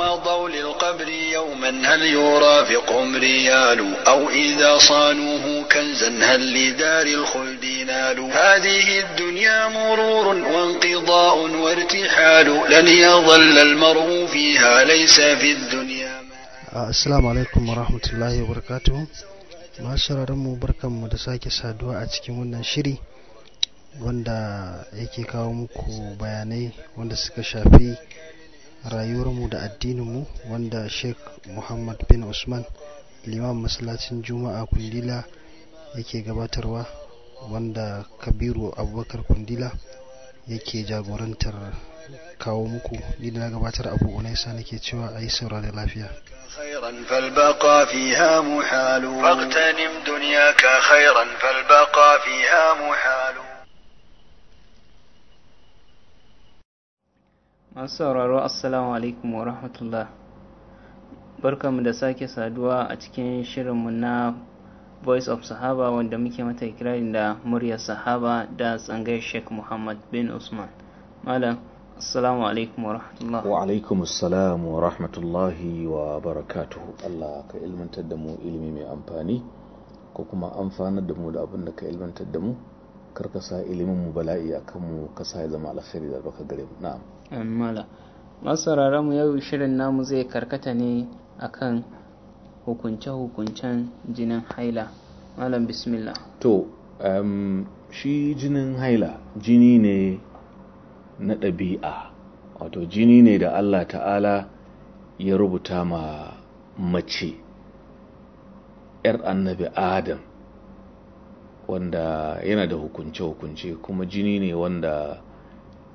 مضوا للقبر يوما هل يرافقهم ريال أو إذا صانوه كنزا هل لدار الخلد نال هذه الدنيا مرور وانقضاء وارتحال لن يظل المرء فيها ليس في الدنيا آه، السلام عليكم ورحمة الله وبركاته ما barkanmu da بركم مدساك a cikin wannan shiri wanda yake kawo muku bayanai wanda suka shafi rayuwar mu da addininmu wanda sheikh muhammad bin usman liman masallacin juma'a kundila yake gabatarwa wanda kabiru abubakar kundila yake jagorantar kawo muku ni da na gabatar abu unaisa nake cewa a yi da lafiya خيرا فالبقاء فيها محال واغتنم دنياك خيرا فالبقاء فيها محال masu sauraro assalamu alaikum wa rahmatullah barkamu da sake saduwa a cikin shirinmu na voice of sahaba wanda muke mata ikirarin da muryar sahaba da tsangayar sheikh muhammad bin usman malam assalamu alaikum wa rahmatullah wa alaikum assalam wa rahmatullahi wa barakatuhu allah ka ilmantar da mu ilimi mai amfani ko kuma amfanar da mu da abin da ka ilmantar da mu kar ka sa ilimin mu bala'i a kanmu ka sa ya zama alkhairi da baka gare mu na'am ammala masararren mu yau shirin namu zai karkata ne akan hukunce-hukuncen jinin haila malam bismillah to um, shi jinin haila jini ne na ɗabi'a wato jini ne da allah ta'ala ya rubuta ma mace 'yar annabi adam wanda yana da hukunce-hukunce kuma jini ne wanda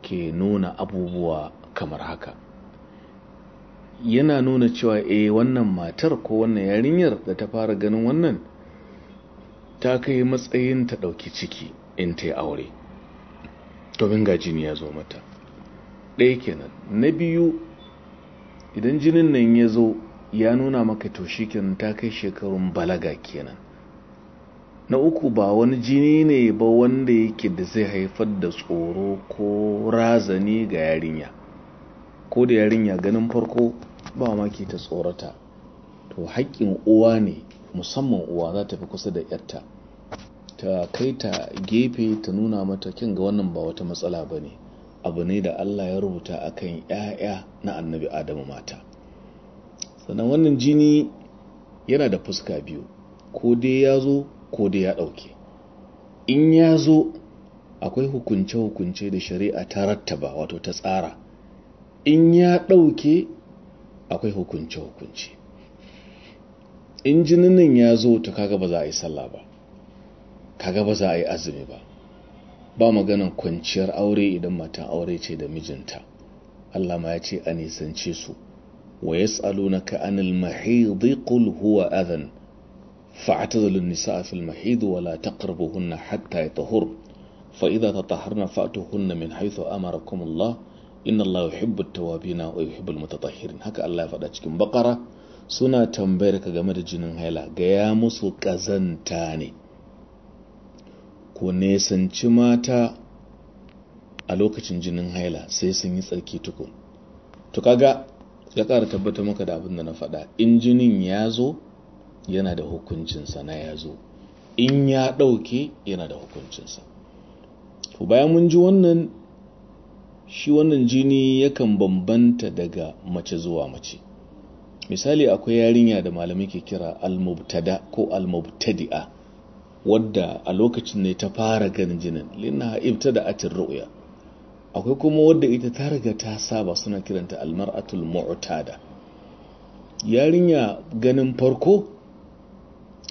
ke nuna abubuwa kamar haka yana nuna cewa eh wannan matar ko wannan yarinyar da ta fara ganin wannan ta kai matsayin ta ɗauki ciki in ta yi aure domin ga jini ya zo mata ɗaya kenan na biyu idan jinin nan ya zo ya nuna maka to shi ta kai shekarun balaga kenan na uku ba wani jini ne ba wanda yake da zai haifar da tsoro ko razani ga yarinya ko da yarinya ganin farko ba ke ta tsorata to haƙƙin uwa ne musamman uwa za ta fi kusa da yarta ta kai ta gefe ta nuna mata kin ga wannan ba wata matsala ba ne abu ne da allah ya rubuta akan 'ya'ya na annabi adamu mata sannan wannan jini yana da fuska biyu ko dai ya zo ko da ya ɗauke in ya zo akwai hukunce-hukunce da shari'a ta rattaba wato ta tsara in ya ɗauke akwai hukunce-hukunce in jininin ya zo ta kaga ba za a yi sallah ba kaga ba za a yi azumi ba ba maganan kwanciyar aure idan matan aure ce da mijinta Allah ma ya ce a nisance su wa yas'alunaka anil mahidi qul huwa adhan فاعتزلوا النساء في المحيض ولا تقربوهن حتى يطهرن فإذا تطهرن فأتوهن من حيث أمركم الله إن الله يحب التوابين ويحب المتطهرين هكا الله فدا cikin bakara suna تنبيرك game da jinin haila gaya musu kazanta ne ku nesanci mata a lokacin jinin haila sai sun yi tsarki tukun to kaga ya ƙara tabbata maka da abin da na faɗa in jinin ya zo yana da hukuncinsa na ya zo in ya ɗauke yana da hukuncinsa to bayan mun ji wannan shi wannan jini yakan bambanta daga mace zuwa mace misali akwai yarinya da malamai ke kira almubtada ko almubtadi'a wadda a lokacin ne ta fara ganin jinin lina ibtada atin ru'ya akwai kuma wadda ita ta riga ta saba suna kiranta almar'atul mu'tada yarinya ganin farko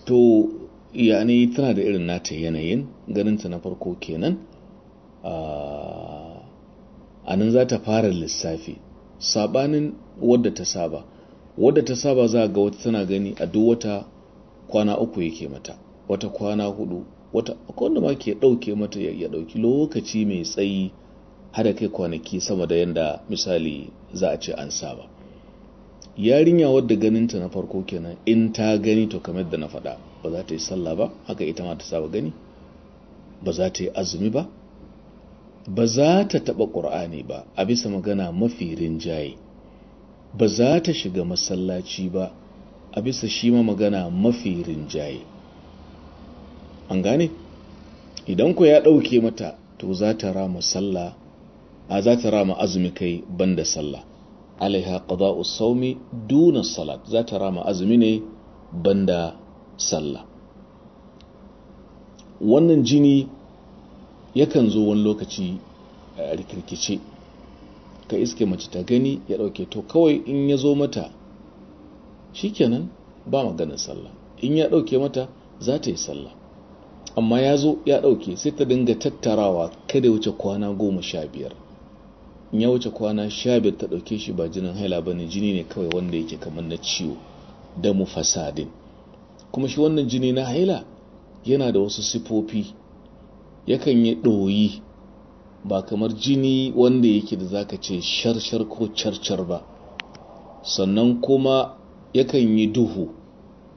to yani tana da irin nata yanayin ganinta na farko kenan a ah, nan za ta fara lissafi sabanin wadda ta saba wadda ta saba za ga wata tana gani a duk wata kwana uku yake mata wata kwana hudu wata akwai wanda ma ke ɗauke mata ya ɗauki lokaci mai tsayi hada kai kwanaki sama da yadda misali za a ce an saba yarinya wadda ganinta na farko kenan in ta gani to kamar da na faɗa ba za ta yi sallah ba haka ita ma ta saba gani ba za ta yi azumi ba ba za ta taɓa ƙur'ani ba a bisa magana mafi rinjaye ba za ta shiga masallaci ba a bisa shi ma magana mafi rinjaye an gane idan ku ya ɗauke mata to za ta rama sallah a za ta rama azumi kai banda sallah alaiha ƙazau, saumi, duna salat za ta rama azumi ne banda sallah wannan jini yakan zo wani lokaci a eh, rikirkice ka iske mace ta gani ya dauke to kawai in ya zo mata shikenan ba maganin sallah in ya ɗauke mata za ta yi sallah amma ya zo ya ɗauke, sai ta dinga tattarawa kada wuce kwana goma sha biyar in ya wuce kwana sha biyar ta ɗauke shi ba jinin haila ba ne jini ne kawai wanda yake kamar na ciwo da mu fasadin kuma shi wannan jini na haila yana da wasu sifofi yakan yi ɗoyi ba kamar jini wanda yake da zaka ce sharshar ko carcar ba sannan kuma yakan yi duhu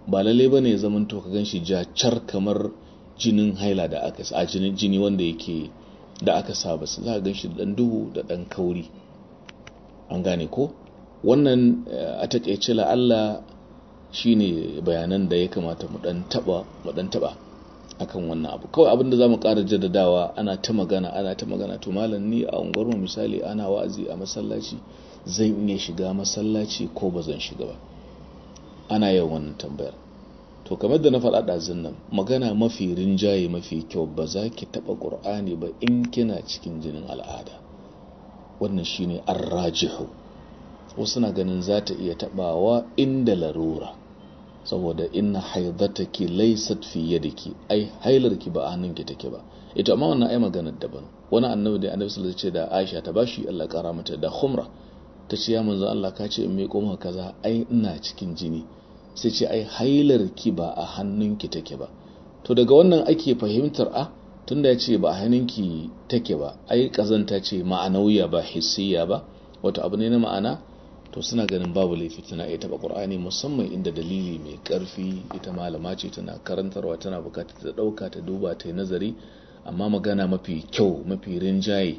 ba lalle ba ne ya zama ka gan shi jacar kamar jinin haila da aka a jini wanda yake da aka saba su za a gan shi da ɗan duhu da ɗan kauri an gane ko wannan eh, a taƙaice la'alla shi ne bayanan da ya kamata mu ɗan taɓa akan wannan abu kawai abinda za mu ƙara jaddadawa ana ta magana ana ta magana to malam ni a unguwarmu misali ana wa'azi a masallaci zan iya shiga masallaci ko ba zan shiga ba ana yawan wannan tambayar to kamar da na faɗa ɗazin nan magana mafi rinjaye mafi kyau ba za ki taɓa ƙur'ani ba in kina cikin jinin al'ada wannan shi ne shine arrajihu wasu na ganin za ta iya taɓawa inda larura saboda inna laisat fiye da ki, ai hailar ki ba hannunki take ba ita amma wannan ai magana daban wani annabi da annabi sallallahu alaihi da Aisha ta bashi Allah kara mata da khumra ta ce ya manzo Allah ka ce in mai koma kaza ai ina cikin jini sai ce ai hailar ki ba a hannunki take ba to daga wannan ake fahimtar a ah, tunda ya ce ba a hannunki take ba ai kazanta ce ma'anawiya ba hissiya ba wato abu ne na ma'ana to suna ganin babu laifi tana iya taba qur'ani musamman inda dalili mai karfi ita malama ce tana karantarwa tana bukatar ta ɗauka, ta duba ta yi nazari amma magana mafi kyau mafi rinjaye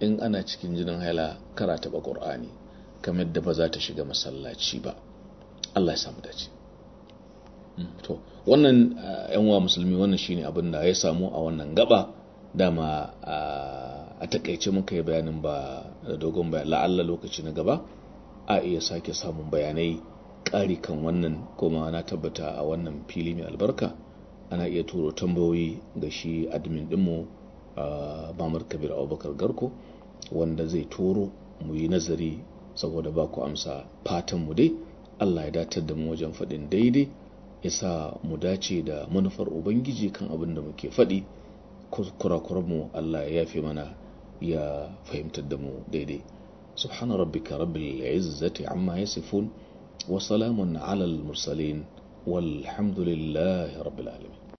in ana cikin jinin haila kara taba qur'ani kamar da ba za ta shiga masallaci ba Allah ya samu dace to wannan eh, yan uwa musulmi wannan shine abin da ya samu a wannan gaba dama eh, a takaice muka yi bayanin ba da dogon bayan la'alla lokaci na gaba a iya sake samun bayanai ƙari kan wannan kuma na tabbata a wannan fili mai albarka ana iya turo tambayoyi ga shi admin dinmu eh, mamar kabir abubakar garko wanda zai turo mu yi nazari saboda ba ku amsa fatanmu dai allah ya datar da mu wajen faɗin daidai ya sa mu dace da manufar ubangiji kan abin da muke faɗi kurakuranmu allah ya fi mana ya fahimtar da mu daidai subhana rabbika rabbil izzati amma yasifun wa salamun alal mursalin walhamdulillahi rabbil alamin